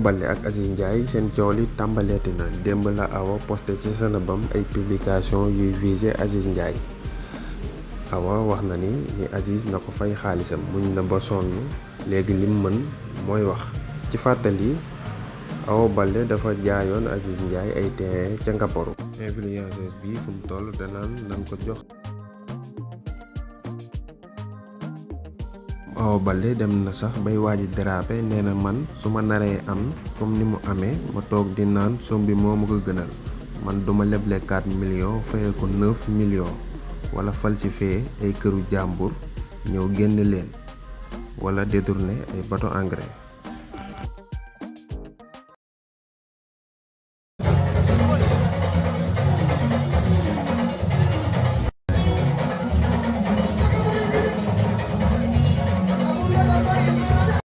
Baldé ak Aziz Ndiaye seen coow li tàmbaleeti na démb la Awa posté ci ay publication yuy visé Aziz Ndiaye wax na ni ni Aziz na ko fay xaalisam muñ na ba sonn léegi lim mën mooy wax ci fàttali Awa Baldé dafa jaayoon Aziz Ndiaye ay terrain ca Ngaparou bi fu toll danaan nan ko jox Awa Baldé dem na sax bay waaji dérapé nee na man su ma naree am comme ni mu amee ma toog di naan som bi moo ma ko gënal man duma leble 4 millions faye ko 9 millions wala falsifié ay këru jàmbur ñëw génn leen wala détourné ay bateau engrais